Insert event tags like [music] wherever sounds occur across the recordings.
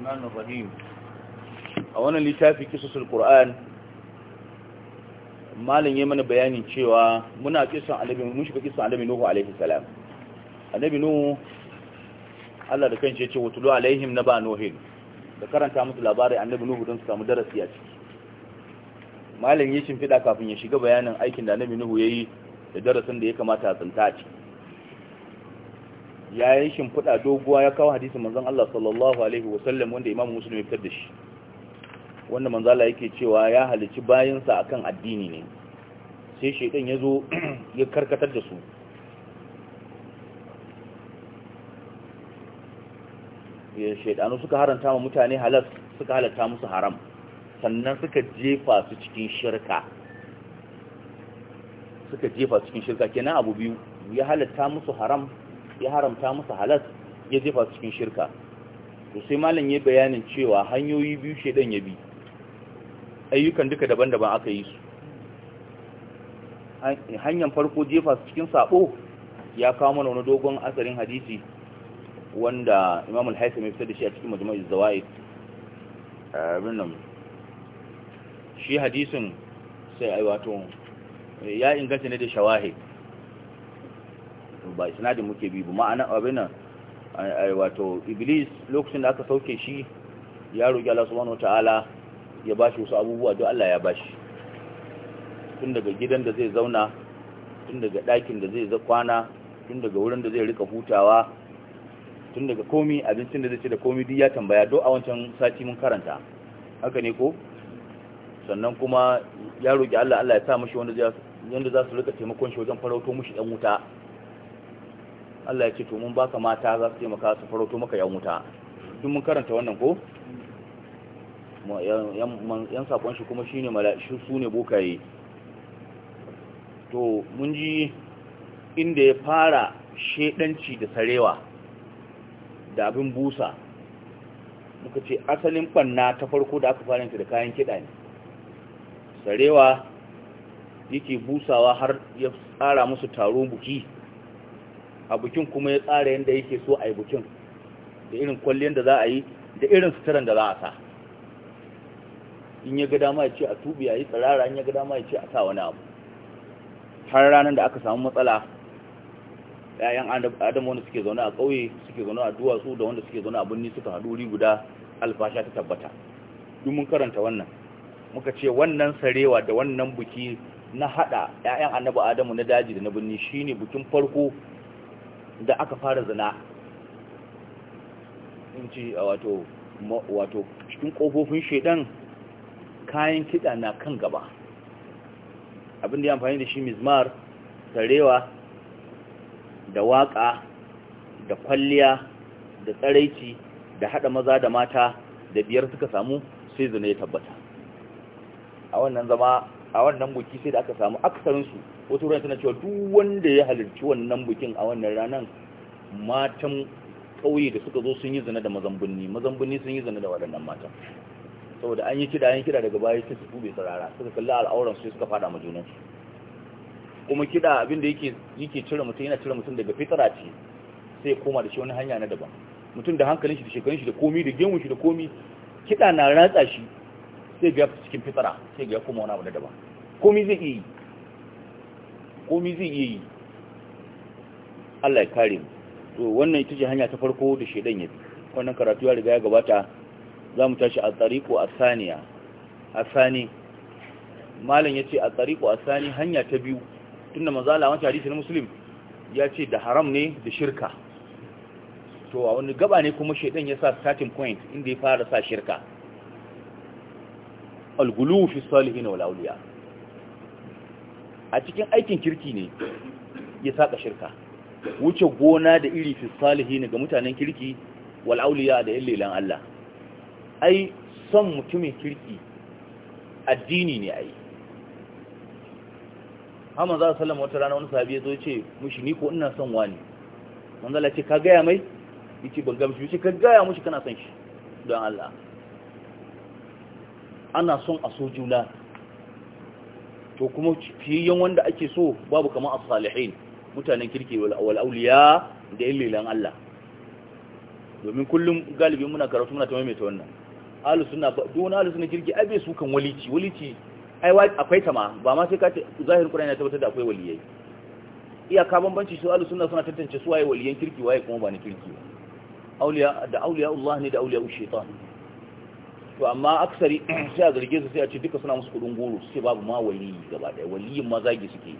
الرحمن الرحيم أولا لتافي قصص القرآن malin ya mana bayanin cewa muna kisan annabi mun shiga kisan annabi nuhu alaihi salam annabi nuhu Allah da kanshi yace watulu alaihim naba nuhin da karanta musu labarin annabi nuhu don su samu darasi a ciki malin ya shimfida kafin ya shiga bayanin aikin da annabi nuhu yayi da darasin da ya kamata a tsinta ciki ya yi shimfiɗa doguwa ya kawo hadisin manzan Allah sallallahu alaihi wasallam wanda imamu musulun ya fitar da shi wanda manzala yake cewa ya halici a akan addini ne sai shaidan ya zo [clears throat] ya karkatar da su ya shedanu suka haranta ma mutane halas suka halatta musu haram sannan suka jefa su cikin shirka suka jefa cikin shirka kenan abu biyu ya halatta musu haram ya haramta musu halas ya jefa su cikin shirka to sai malam ya bayanin cewa hanyoyi biyu shedan ya bi ayyukan duka daban-daban aka yi su hanyar farko jefa su cikin sabo ya kawo mana wani dogon asarin hadisi wanda imam al-haisam ya fitar da shi a cikin majmu'ul zawaid abinnan shi hadisin sai ai wato ya inganta ne da shawahid ba isnadin muke bi ba ma'ana abin nan wato iblis lokacin da aka sauke shi ya roki Allah subhanahu wataala ya bashi wasu abubuwa don Allah ya bashi tun daga gidan da zai zauna tun daga ɗakin da zai kwana tun daga wurin da zai rika hutawa tun daga komi abincin da zai ce da komi duk ya tambaya do a wancan sati mun karanta haka ne ko sannan kuma ya roƙi Allah Allah ya sa mashi wanda za su rika taimakon shi wajen farauto mashi ɗan wuta Allah ya ce to mun baka mata za su maka su farauto maka yan wuta duk mun karanta wannan ko yan sakon shi kuma shine shi su ne bokaye to mun ji inda ya fara shedanci da sarewa da abin busa muka ce asalin banna ta farko da aka fara da kayan kiɗa ne sarewa yake busawa har ya tsara musu taron buki a bukin kuma ya tsara yadda yake so a yi bukin da irin kwalliyar da za a yi da irin suturan da za a sa in ya ga dama ya ce a tubi ya yi tsirara in ya ga dama ya ce a sa wani abu har ranar da aka samu matsala yayan adam wanda suke zaune a ƙauye suke zaune a duwatsu da wanda suke zaune a birni suka haɗu ri guda alfasha ta tabbata duk mun karanta wannan muka ce wannan sarewa da wannan buki na haɗa yayan annabi adamu na daji da na birni shine bukin farko da aka fara zina wato wato cikin kofofin shaiɗan kayan kiɗa na kan gaba abinda ya amfani da shi mizmar sarewa da waƙa da kwalliya da tsaraici da haɗa maza da mata da biyar suka samu sai zina ya tabbata a wannan zama a wannan buki sai da aka samu aksarinsu wato ruwan tana cewa duk wanda ya halarci wannan bukin a wannan ranar matan ƙauye da suka zo sun yi zina da mazambunni mazambunni sun yi zina da waɗannan matan saboda an yi kiɗa an kiɗa daga baya sai su tube sarara suka kalli al'auran su suka fada majunan su kuma kiɗa abinda yake yake cire mutum yana cire mutum daga fitara ce sai koma da shi wani hanya na daban mutum da hankalin shi da shekarun shi da komi da gemun shi da komi kiɗa na ratsa shi sai biya cikin fitara sai biya kuma wani abu da daban komi zai iya yi komi zai yi Allah ya kare mu to wannan ita ce hanya ta farko da shedan ya bi wannan karatu ya riga ya gabata za mu tashi a tsariko a saniya a sani malam ya ce a tsariko a sani hanya ta biyu tun da mazala wancan hadisi na musulun ya ce da haram ne da shirka to a wani gaba ne kuma shedan ya sa starting point inda ya fara sa shirka algulu fi salihin wal awliya a cikin aikin kirki ne ya saka shirka wuce gona da iri fi salihin ga mutanen kirki wal awliya da illilan Allah ai son mutumin kirki addini ne ai amma za sallama wata rana wani sahabi ya zo ce mushi ni ko ina son wani manzala ce ka gaya mai yace ban gamshi yace ka gaya mushi kana son shi don Allah ana son a so juna to kuma fiye wanda ake so babu kamar asalihin mutanen kirki wal auliya da illilan Allah domin kullum galibi muna karatu muna tambaye ta wannan ahlus sunna duk wani ahlus sunna kirki ai bai su kan walici walici ai akwai ta ma ba ma sai ka ce zahir qur'ani ya tabbatar da akwai waliyai iyaka bambanci su ahlus sunna suna tantance su waye waliyan kirki waye kuma ba na kirki auliya da auliya Allah ne da auliya shaytan to amma aksari [clears throat] sai a zarge su sai a ce duka suna musu kudin goro sai babu ma wali gaba daya waliyin ma zagi suke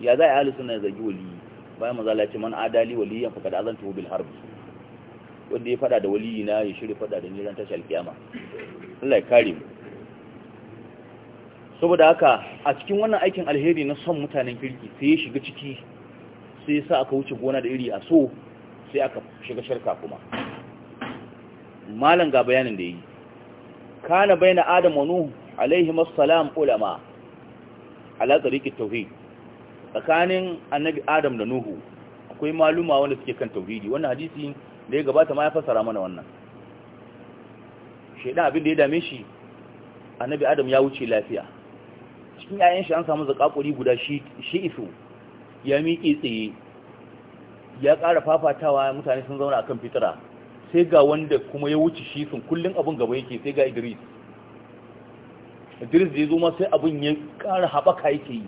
ya za a yi ahli sunna ya zagi wali bayan maza la ce man adali waliyan fa kad azantu bil harbi wanda ya fada da waliyi na ya shirya fada da ni ran tashi alkiyama Allah ya kare mu saboda haka a cikin wannan aikin alheri na son mutanen kirki sai ya shiga ciki sai ya sa aka wuce gona da iri a so sai aka shiga sharka kuma malam ga bayanin da yi kana baina adam wa nuh alaihi assalam ulama ala tariqit tauhid tsakanin annabi adam da nuhu akwai maluma wanda suke kan tauhidi wannan hadisi da ya gabata ma ya fassara mana wannan shedan abin da ya dame shi annabi adam ya wuce lafiya cikin yayin shi an samu zakakuri guda shi shi isu ya miƙe tsaye ya ƙara fafatawa mutane sun zauna akan fitira sai ga wanda kuma ya wuce shi sun kullum abin gaba yake sai ga idris idris da ya zo ma sai abin ya ƙara haɓaka yake yi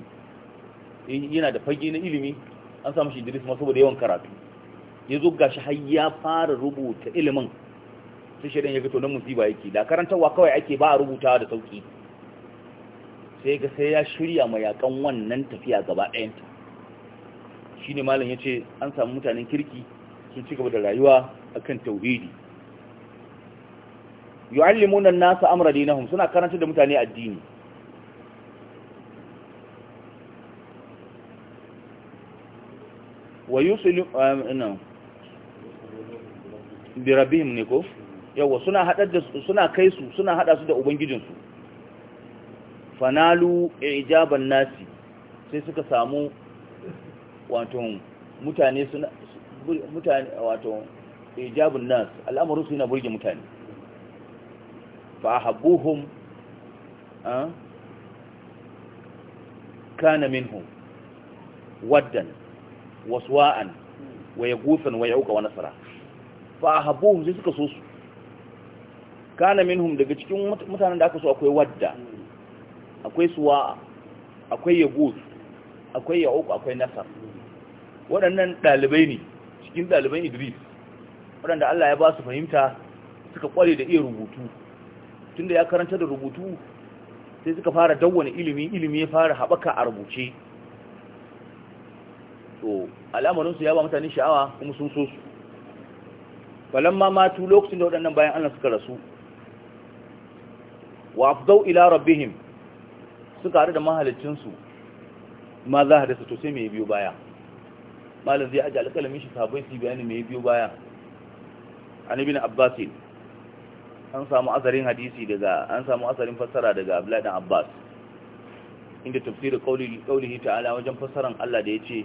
eh, yana da fage na ilimi an samu shi idris ma saboda yawan karatu ya zo ga shi har ya fara rubuta ilimin sai ɗan ya fito na musiba yake da karantarwa kawai ake ba a rubutawa da sauki sai ga sai ya shirya mayakan wannan tafiya gaba ɗayanta shi ne malam ya ce an samu mutanen kirki sun ci gaba da rayuwa a kan tauhidi yu'allimuna an-nasa amra dinahum suna karanta da mutane addini wa yusilu um, ina bi rabbihim ne ko yawa suna hadar da suna kai su suna hada su da ubangijinsu fanalu ijaban nasi sai suka samu wato mutane suna mutane wato ijabun nas al'amarin su yana burge mutane fa a kana minhum waddan waswa'an wa yaghuthan wa yauka wa nasara. fa habuhum sai suka so su kana minhum daga cikin mutanen da aka so akwai wadda akwai suwa akwai yaghut akwai yauka akwai nasar waɗannan ɗalibai ne cikin ɗaliban idris waɗanda allah ya ba su fahimta suka ƙware da iya rubutu tunda ya karanta da rubutu sai suka fara dawwane ilimi ilimi ya fara haɓaka a rubuce to al'amarinsu ya ba mutane sha'awa kuma sun so su ma matu lokacin da waɗannan bayan allah suka rasu wa afdau ila rabbihim suka haɗu da mahalicinsu ma za a da su to sai mai biyo baya malam zai aji alƙalamin shi sabon su bayani mai biyo baya an na abbas an samu asarin hadisi daga an samu asarin fassara daga abdullahi dan abbas inda tafsiri qawli ta'ala wajen fassaran Allah da ya ce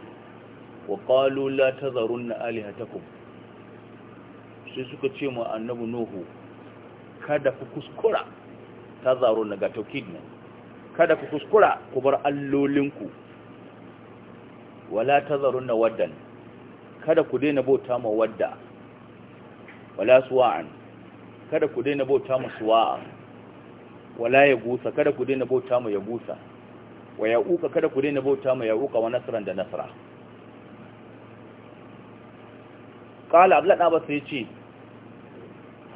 wa ƙalu la na alihatakun sai suka ce mu Nabu nuhu kada ku kuskura tazarunna ga tawkid ne kada ku kuskura ku bar allolinku wala tazarun waddan kada ku daina bauta ma wadda wala suwa'an kada ku daina bauta ma suwa'a wala yagusa kada ku daina bauta ma yagusa wa ya'uka kada ku daina bauta ma ya'uka wa nasran da nasra qala abla da sai ce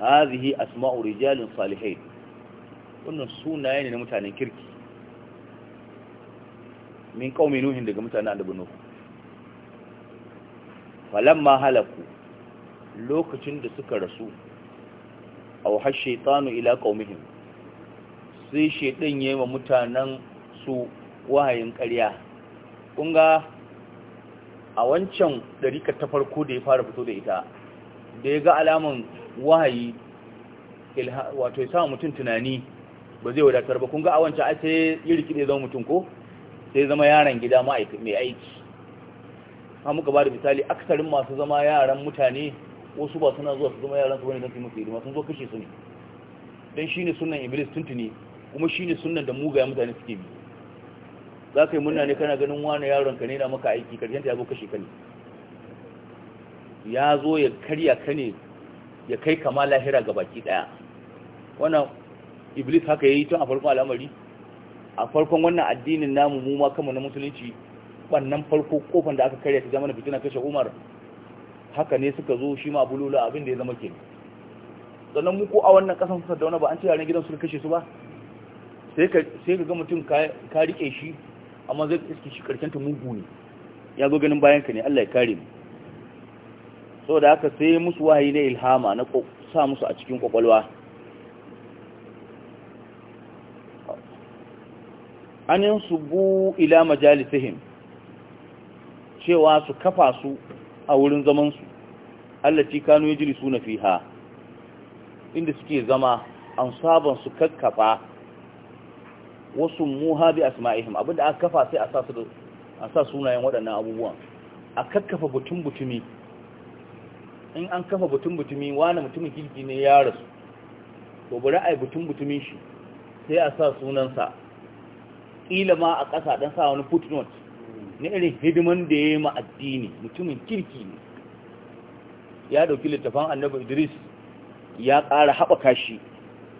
hazihi asma'u rijalin salihin wannan sunaye ne na mutanen kirki min qaumi nuhin daga mutanen annabi nuhu falamma halaku lokacin da suka rasu aw hashaitanu ila qaumihim sai shedan yayi wa mutanen su wahayin ƙarya kunga a wancan dariƙar ta farko da ya fara fito da ita da ya ga alaman wahayi wato ya sa mutum tunani ba zai wadatar ba kunga a wancan ake yi ya rikide zama mutum ko sai zama yaron gida mai aiki ha muka ba da misali aksarin masu zama yaran mutane wasu ba suna zuwa su zama yaran su bane don su musu hidima sun zo kashe su ne dan ne sunan iblis tuntuni kuma shi ne sunan da mugaya mutane suke bi za ka yi murna ne kana ganin wani yaron ka ne na maka aiki karshen ta ya zo kashe ka ne ya zo ya karya ka ne ya kai kama lahira ga baki daya wannan iblis haka ya yi tun a farkon al'amari a farkon wannan addinin namu mu ma kanmu na musulunci bannan farko kofan da aka karya ta zamanin fitina kashe umar haka ne suka zo shi ma a abin da ya zama ke. sannan mu ko a wannan kasan su sadauna ba an ce yaran gidan su kashe su ba sai ka sai ka ga mutum ka rike shi amma zai iske shi karshen ta mugu ne ya zo ganin bayan ka ne Allah ya kare mu saboda haka sai musu wahayi na ilhama na sa musu a cikin kwakwalwa an yin subu ila majalisihim cewa su kafa su a wurin zamansu allaci kanu ya jiri suna fiha inda suke zama an saban su kakkafa wasu muha bi asma'ihim abinda aka kafa sai a sa sunayen waɗannan abubuwan a kakkafa butun-butumi in an kafa butun-butumi wani mutumin kirki ne ya rasu to bari a yi butun-butumin shi sai a sa sunansa kila ma a ƙasa don sa wani footnote na irin hidiman da ya yi ma'addini mutumin kirki ne ya ɗauki littafan annabi idris ya ƙara haɓaka shi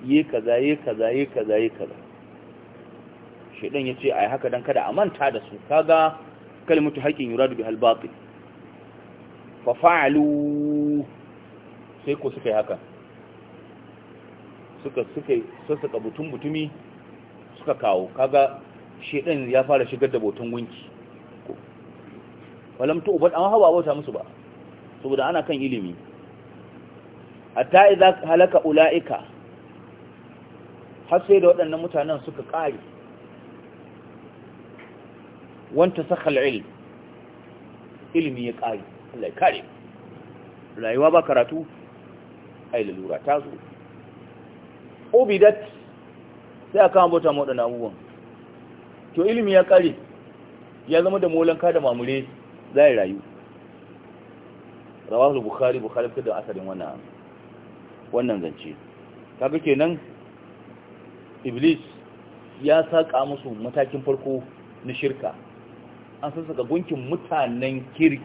yi kaza yi kaza yi kaza yi kaza shaidan ya ce a yi haka don kada a manta da su kaga kalmatu haƙin yura da bihal baƙi fafa'alu sai ko suka yi haka suka suka sassaka butun butumi suka kawo kaga shedan ya fara shigar da botun gunki walam tu ubad amma hawa bauta musu ba saboda ana kan ilimi hatta idza halaka ulaika har sai da waɗannan mutanen suka ƙare wanta sakhal ilm ilimi ya ƙare Allah ya kare rayuwa ba karatu ai lalura ta zo ubidat sai aka ambata mu waɗannan abubuwan to ilimi ya kare ya zama da molanka da mamure za ya rayu rawahul bukhari bukhari fitar da asalin wannan wannan zance kaga kenan iblis ya saka musu matakin farko na shirka an san saka gunkin mutanen kirki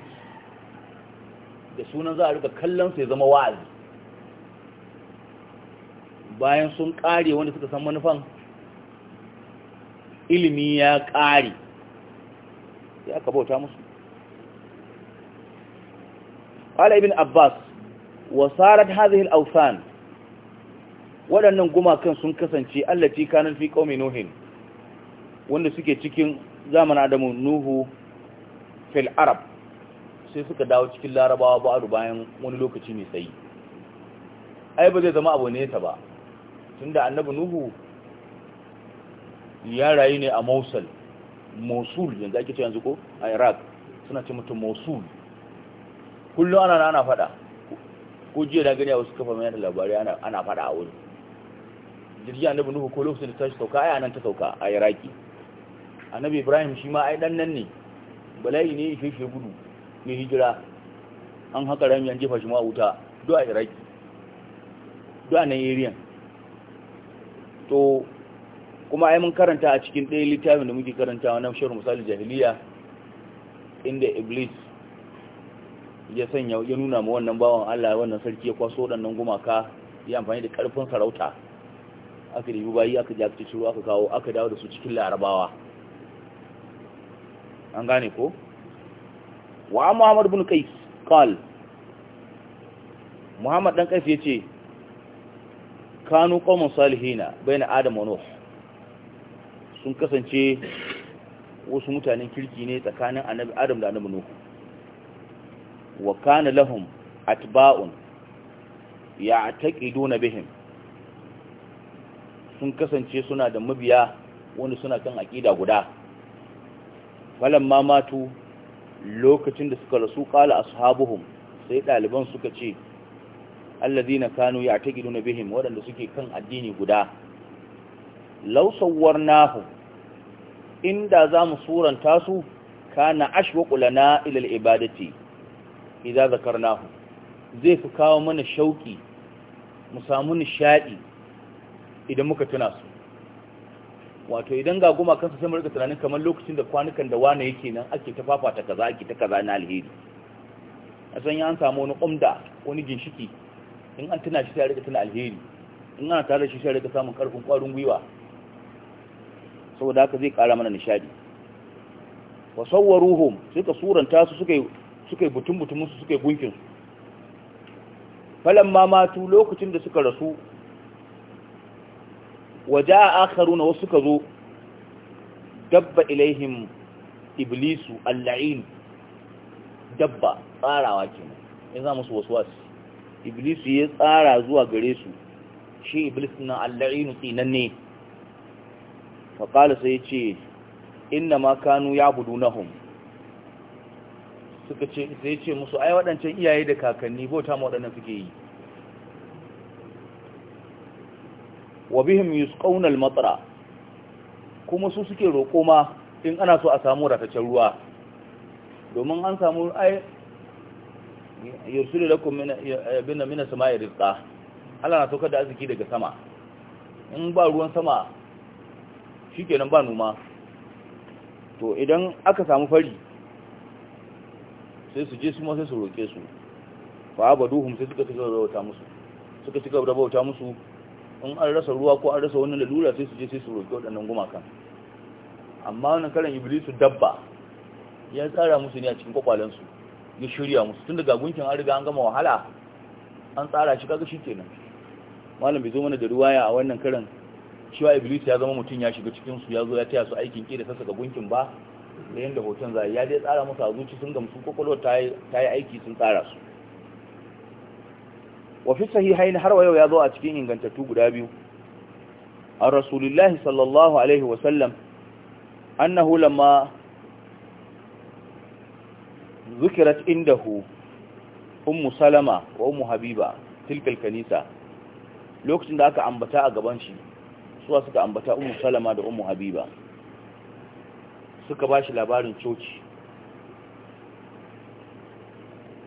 da sunan za a rika kallon su ya zama wa'azi bayan sun kare wanda suka san manufan ilimi ya ƙare ya aka bauta musu ƙala ibn abbas wasarar hazihil ausan waɗannan gumakan sun kasance allaci kanar fi ƙaumin nuhin wanda suke cikin zamana adamu nuhu fil arab sai suka dawo cikin larabawa ba'adu bayan wani lokaci mai tsayi ai ba zai zama abu ne ta ba tunda annabi nuhu ya rayu ne a mosul mosul yanzu ake ce yanzu ko a iraq suna ce mutum mosul kullum ana ana fada ko jiya da gani a wasu kafa mai labarai ana fada a wuri jirgin annabi nuhu ko lokacin da tashi sauka ai nan ta sauka a iraki annabi ibrahim shi ma ai dan nan ne bala'i ne ya shi gudu mai hijira an haka rami an jefa shi ma wuta do a iraki do a nan area to kuma ai mun karanta a cikin ɗaya littafin da muke karanta na shirin misali jahiliya inda iblis ya sanya ya nuna ma wannan bawan Allah wannan sarki ya kwaso waɗannan gumaka ya amfani da ƙarfin sarauta aka ribi bayi aka ji aka ciro aka kawo aka dawo da su cikin larabawa an gane ko wa Muhammad bin Qais kal Muhammad dan Qais yace kanu qawmun salihina baina Adam wa Nuh sun kasance wasu mutanen kirki ne tsakanin annabi adam da annabi nuhu wa kana lahum atba'un ya'taqiduna bihim sun kasance suna da mabiya wanda suna kan aƙida guda Malam Mamatu lokacin da suka rasu qala ashabuhum sai ɗaliban suka ce allazina kanu ya'taqiduna bihim waɗanda suke kan addini guda law sawwarnahu inda za mu suranta su kana ashwaqu lana ila al-ibadati idza zakarnahu zai fi kawo mana shauki mu samu nishadi idan muka tuna su wato idan ga goma kansa sai mu rika tunanin kamar lokacin da kwanukan da wani yake nan ake ta fafata kaza ake ta kaza na alheri a san ya an samu wani umda wani ginshiki in an tuna shi sai rika tuna alheri in ana tare da shi sai rika samun karfin kwarin gwiwa saboda haka zai kara mana nishadi wa sawwaruhum suka suranta su suka suka butun butumin su suka gunkin su falamma matu lokacin da suka rasu waja'a akharuna wasu suka zo dabba ilaihim iblisu al-la'in dabba tsarawa kenan ya za musu waswasi iblisu ya tsara zuwa gare su shi iblis na al-la'in tinanne faƙala sai ce inna ma kanu ya budu na hun suka ce sai ce musu ai waɗancan iyaye da kakanni bauta ma waɗannan suke yi wa bihim yusqawna al-matra kuma su suke roƙo ma in ana so a samu ratacen ruwa domin an samu ai yursilu lakum min bin min samai rizqa Allah na saukar da arziki daga sama in ba ruwan sama shikenan ba noma to idan aka samu fari sai su je su ma sai su roƙe su ba abaduhum sai suka cika da bauta musu suka cigaba da musu in an rasa ruwa ko an rasa wani lalura sai su je sai su roke waɗannan gumakan amma wannan karan iblisu dabba ya tsara musu ne a cikin kwakwalensu ya shirya musu tun daga gunkin an riga an gama wahala an tsara shi kaga shi kenan malam bai zo mana da ruwaya a wannan karan cewa iblis ya zama mutum ya shiga cikin su ya zo ya taya su aikin ki da ga gunkin ba da yanda hoton zai ya dai tsara musu a zuci sun gamsu kokolo ta yi aiki sun tsara su wa fi sahihain har wa yau ya zo a cikin ingantattu guda biyu a rasulullahi sallallahu alaihi wa sallam annahu lamma zukirat indahu ummu salama wa ummu habiba tilkal kanisa lokacin da aka ambata a gaban shi suwa suka ambata umu salama da umu habiba suka ba shi labarin coci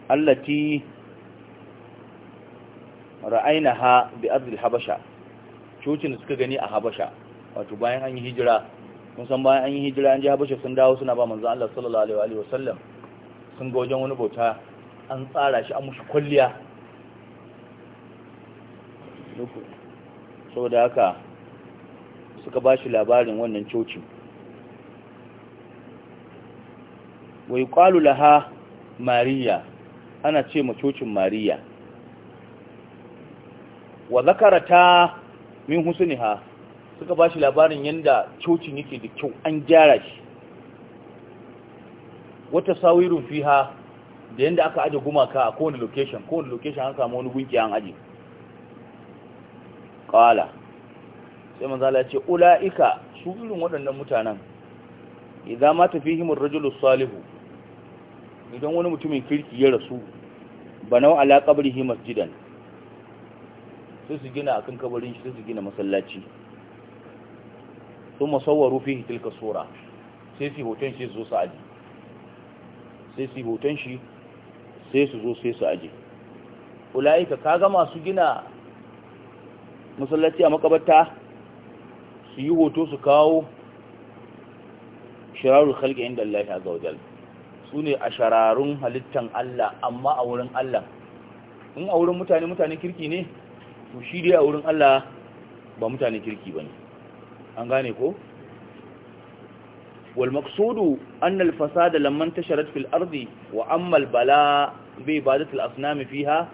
allati ra'ayna ha bi ardil habasha cocin da suka gani a habasha wato bayan an yi hijira mun bayan an yi hijira an ji habasha sun dawo suna ba manzon Allah sallallahu alaihi wa sun ga wajen wani bauta an tsara shi an mushi kulliya saboda haka suka ba shi labarin wannan cocin wai kwalu laha mariya ana ce ma cocin mariya wa zakarata min ha. suka ba shi labarin yadda cocin yake da kyau an gyara shi wata fi fiha da yadda aka aje gumaka a kowane location kowane location an samu wani gunki an aje Ƙwala. sai manzo Allah ya ce ulaika su irin waɗannan mutanen idan ma tafi himar rajulu salihu idan wani mutumin kirki ya rasu banau ala qabrihi masjidan sai su gina akan kabarin shi sai su gina masallaci sun masawwaru fihi tilka sura sai su hoton shi zo su aji sai su hoton shi sai su zo sai su aji ulaika kaga masu gina masallaci a makabarta su yi hoto su kawo shirarun halƙe inda Allah ya ga wajen su ne a shararun halittan Allah amma a wurin Allah in a wurin mutane mutane kirki ne to shi dai a wurin Allah ba mutane kirki ba ne an gane ko? والمقصود أن الفساد لما انتشرت في الأرض وأما البلاء بعبادة الأصنام فيها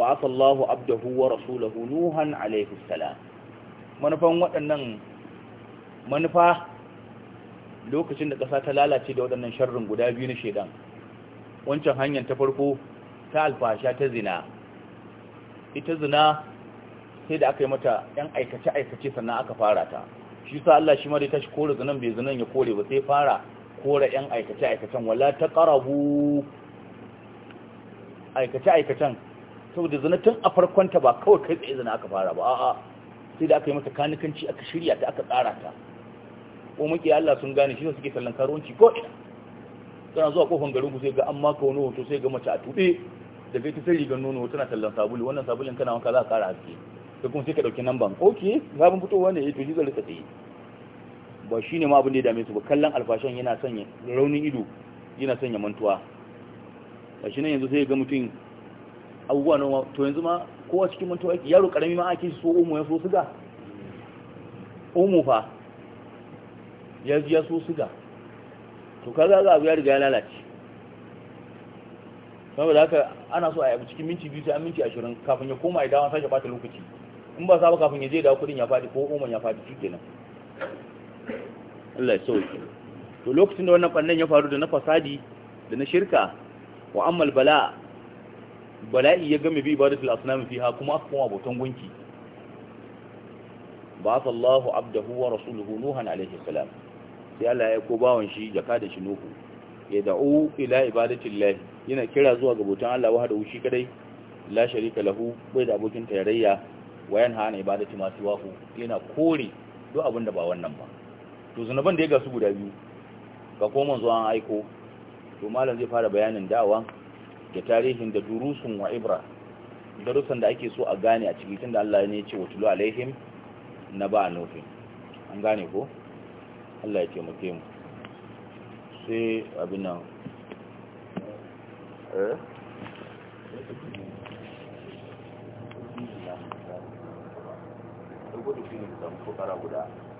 بعث الله عبده ورسوله نوحا عليه السلام manufan waɗannan manufa lokacin da ƙasa ta lalace da waɗannan sharrin guda biyu na shedan wancan hanyar ta farko ta alfasha ta zina ita zina sai da aka yi mata ‘yan aikace-aikace sannan aka fara ta shi sa Allah shi mara ta shi kore zinan bai zinan ya kore ba sai fara kore ‘yan aikace-aikacen wala ta ƙarabu aikace-aikacen saboda zina tun a farkonta ba kawai kai tsaye zina aka fara ba a'a sai da aka yi mata kanikanci aka shirya ta aka tsara ta ko muke Allah sun gane shi suke tallan karuwanci ko ina tana zuwa kofan garin ku sai ga an maka wani hoto sai ga mace a tube da kai ta sai rigar nono tana tallan sabulu wannan sabulun kana wanka za ka kara haske sai kuma sai ka dauki nan ban ok sabon fitowa ne eh, to shi zai rika tsaye ba shine ma abin da ya dame su ba kallon alfashan yana sanya raunin ido yana sanya mantuwa ba shi nan yanzu sai ga mutum abubuwa na to yanzu ma kowa cikin mantuwa yake yaro karami ma ake so omo ya so suga omo fa ya ji ya so suga to kaga ga abu ya riga ya lalace da haka ana so a yi cikin minti biyu sai an minti ashirin kafin ya koma ya dawo sake bata lokaci in ba sa ba kafin ya je da kudin ya fadi ko umu ya fadi nan Allah ya sauke to lokacin da wannan bannan ya faru da na fasadi da na shirka wa ammal bala bala'i ya game bi al asnam fiha kuma aka koma bautan gunki ba sallahu abdahu wa rasuluhu nuhan alayhi salam sai Allah ya ko bawon shi jaka da shi nuhu ya da'u ila ibadatillahi yana kira zuwa ga bautan Allah wahdahu shi kadai la sharika lahu bai da abokin tarayya wa yanha an ibadati ma siwahu yana kore duk abin da ba wannan ba to zunuban da ya gasu guda biyu ga ko manzo an aiko to malam zai fara bayanin da'awa da tarihin da durusun wa ibra darussan da ake so a gane a ciki da Allah ne ya ce watulu alaihim na ba nufin an gane ko Allah ya taimake mu sai abin nan eh guda